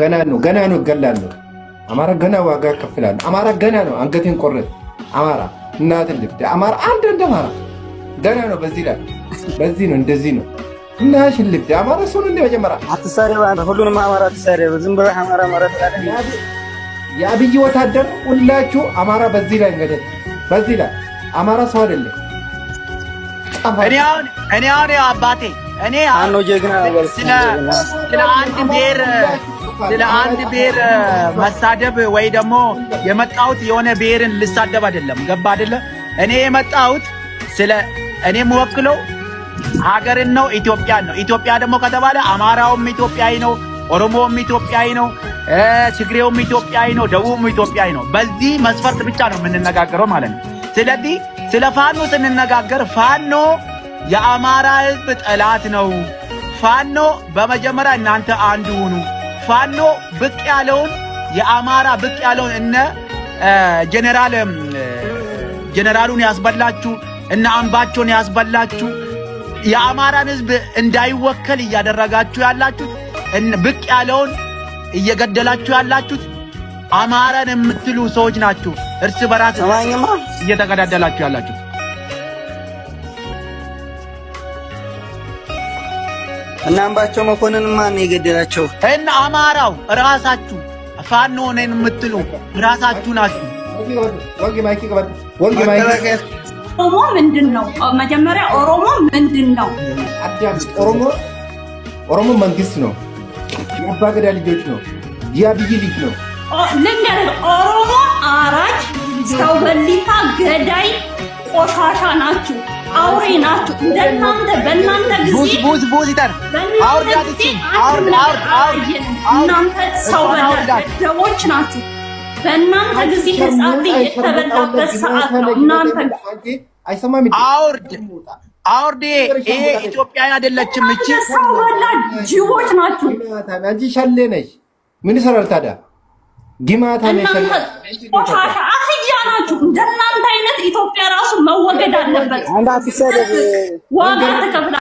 ገና ነው፣ ገና ነው፣ እገላለሁ። አማራ ገና ዋጋ ከፍላለሁ። አማራ ገና ነው፣ አንገቴን ቆረጥ። አማራ እናትን ልብ አማራ አንድ እንደ አማራ ገና ነው። በዚህ ላይ በዚህ ነው፣ እንደዚህ ነው። እናሽን ልብ አማራ ሰውን እንደ መጀመሪያ አትሳሪው፣ ሁሉንም አማራ አትሳሪው። ዝም ብለህ አማራ አማራ የአብይ ወታደር ሁላችሁ አማራ በዚህ ላይ እንገደል። በዚህ ላይ አማራ ሰው አይደለም። እኔ አሁን አባቴ እኔ ስለ አንድ ብሔር ስለ አንድ ብሔር መሳደብ ወይ ደግሞ የመጣሁት የሆነ ብሔርን ልሳደብ አይደለም። ገባ አይደለ? እኔ የመጣሁት ስለ እኔ የምወክለው ሀገርን ነው፣ ኢትዮጵያን ነው። ኢትዮጵያ ደግሞ ከተባለ አማራውም ኢትዮጵያዊ ነው፣ ኦሮሞውም ኢትዮጵያዊ ነው፣ ትግሬውም ኢትዮጵያዊ ነው፣ ደቡብም ኢትዮጵያዊ ነው። በዚህ መስፈርት ብቻ ነው የምንነጋገረው ማለት ነው። ስለዚህ ስለ ፋኖ ስንነጋገር ፋኖ የአማራ ህዝብ ጠላት ነው። ፋኖ በመጀመሪያ እናንተ አንድ ሁኑ። ፋኖ ብቅ ያለውን የአማራ ብቅ ያለውን እነ ጀነራል ጀነራሉን ያስበላችሁ እነ አምባቸውን ያስበላችሁ የአማራን ሕዝብ እንዳይወከል እያደረጋችሁ ያላችሁት ብቅ ያለውን እየገደላችሁ ያላችሁት አማራን የምትሉ ሰዎች ናችሁ። እርስ በራስ እየተቀዳደላችሁ ያላችሁት እና አምባቸው መኮንን ማን የገደላቸው? እን አማራው ራሳችሁ ፋኖ ነን የምትሉ ራሳችሁ ናችሁ። ኦሮሞ ምንድን ነው? መጀመሪያ ኦሮሞ ምንድን ነው? ኦሮሞ ኦሮሞ መንግስት ነው። የአባገዳ ልጆች ነው። የአብይ ልጅ ነው። ልንገርህ፣ ኦሮሞ አራጅ፣ ሰው በሊታ፣ ገዳይ ቆሻሻ ናችሁ፣ አውሬ ናችሁ። እንደናንተ በእናንተ ጊዜ እናንተ ሰው ደቦች ናችሁ። በእናንተ ጊዜ ሕፃን የተበላበት ሰዓት ነው። እናንተ አውርድ አውርድ። ይሄ ኢትዮጵያዊ አይደለችም። እቺ ሰው ጅቦች ናችሁ። አንቺ ሸሌ ነሽ። ምን ይሰራል ታዲያ? ጊማታ ነሽ። ቆሻሻ ናችሁ። እንደናንተ አይነት ኢትዮ አለበት ዋጋ ተከፍላ